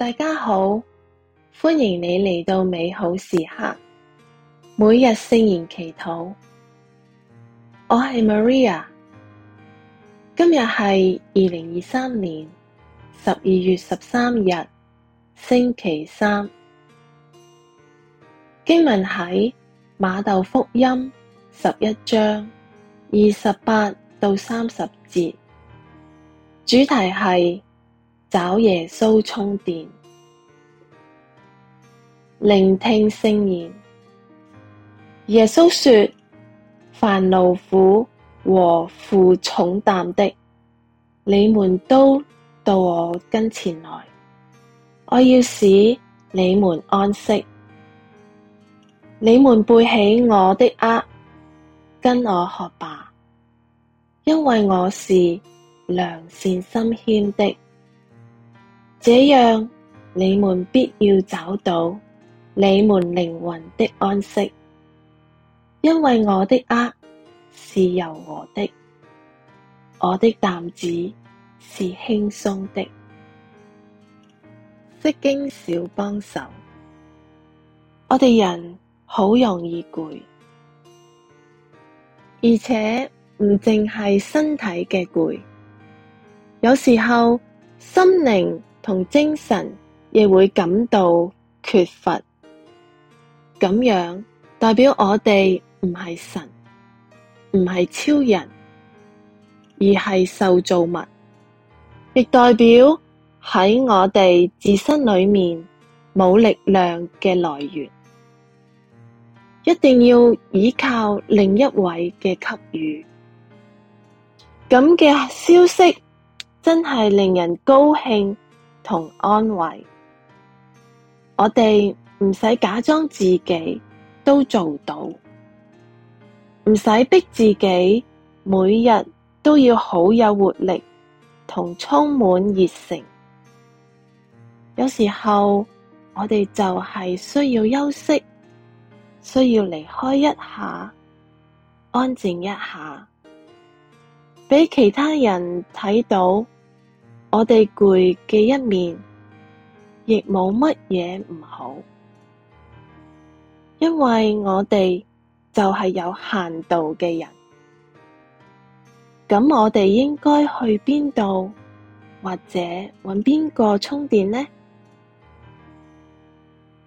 大家好，歡迎你嚟到美好時刻。每日聖言祈禱，我係 Maria。今日係二零二三年十二月十三日，星期三。經文喺馬竇福音十一章二十八到三十節，主題係。找耶穌充電，聆聽聖言。耶穌說：凡勞苦和負重擔的，你們都到我跟前來，我要使你們安息。你們背起我的軛，跟我學吧，因為我是良善心謙的。這樣你們必要找到你們靈魂的安息，因為我的軛，是柔和的，我的擔子是輕鬆的。釋經小幫手，我哋人好容易攰，而且唔淨係身體嘅攰，有時候心靈。同精神亦會感到缺乏，咁樣代表我哋唔係神，唔係超人，而係受造物，亦代表喺我哋自身裏面冇力量嘅來源，一定要依靠另一位嘅給予。咁嘅消息真係令人高興。同安慰，我哋唔使假裝自己都做到，唔使逼自己每日都要好有活力同充滿熱誠。有時候我哋就係需要休息，需要離開一下，安靜一下，俾其他人睇到。我哋攰嘅一面，亦冇乜嘢唔好，因為我哋就係有限度嘅人。咁我哋應該去邊度，或者揾邊個充電呢？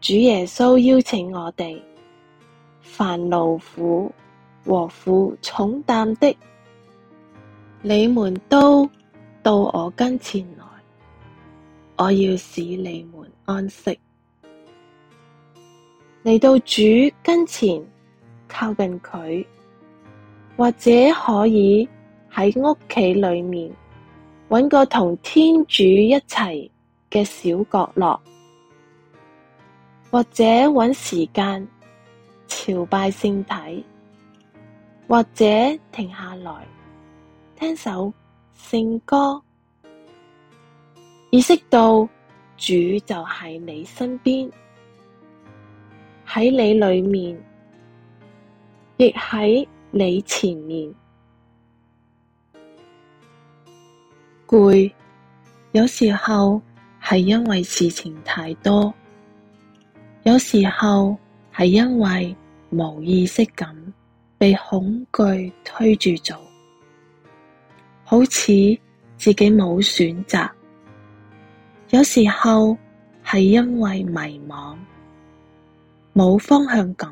主耶穌邀請我哋，凡勞苦和負重擔的，你們都。到我跟前來，我要使你們安息。嚟到主跟前，靠近佢，或者可以喺屋企裏面揾個同天主一齊嘅小角落，或者揾時間朝拜聖體，或者停下來聽首聖歌，意識到主就喺你身邊，喺你裏面，亦喺你前面。攰，有時候係因為事情太多，有時候係因為冇意識咁被恐懼推住做。好似自己冇選擇，有時候係因為迷惘，冇方向感；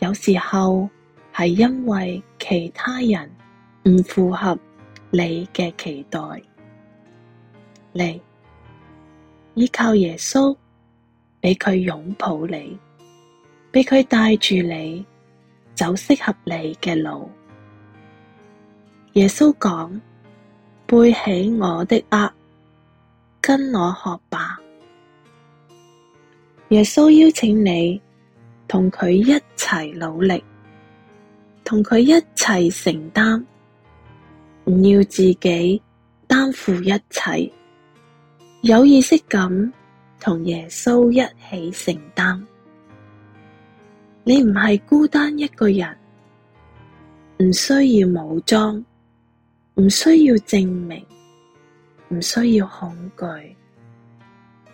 有時候係因為其他人唔符合你嘅期待，嚟，依靠耶穌，畀佢擁抱你，畀佢帶住你走適合你嘅路。耶穌講：背起我的軛，跟我學吧。耶穌邀請你同佢一齊努力，同佢一齊承擔，唔要自己擔負一切，有意識咁同耶穌一起承擔。你唔係孤單一個人，唔需要武裝。唔需要證明，唔需要恐懼，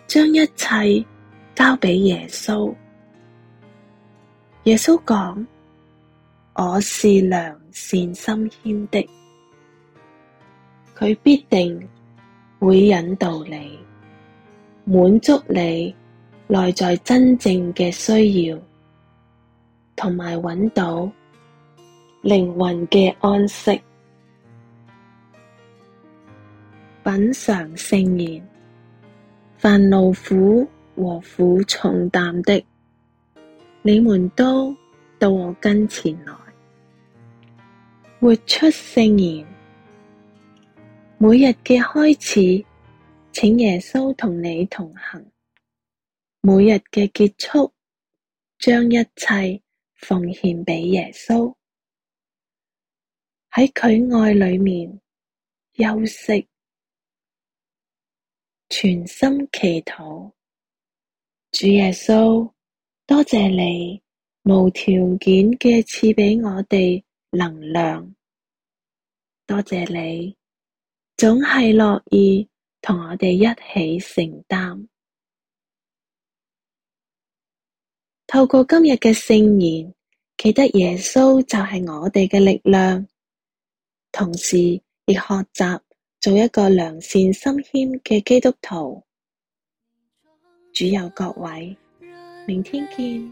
將一切交畀耶穌。耶穌講：我是良善心謙的，佢必定會引導你，滿足你內在真正嘅需要，同埋揾到靈魂嘅安息。品嘗聖言，凡勞苦和負重擔的，你們都到我跟前來。活出聖言。每日嘅開始，請耶穌同你同行；每日嘅結束，將一切奉獻畀耶穌。喺佢愛裏面休息。全心祈禱，主耶穌，多謝你無條件嘅賜畀我哋能量，多謝你總係樂意同我哋一起承擔。透過今日嘅聖言，記得耶穌就係我哋嘅力量，同時亦學習做一個良善心謙嘅基督徒，主佑各位，明天見。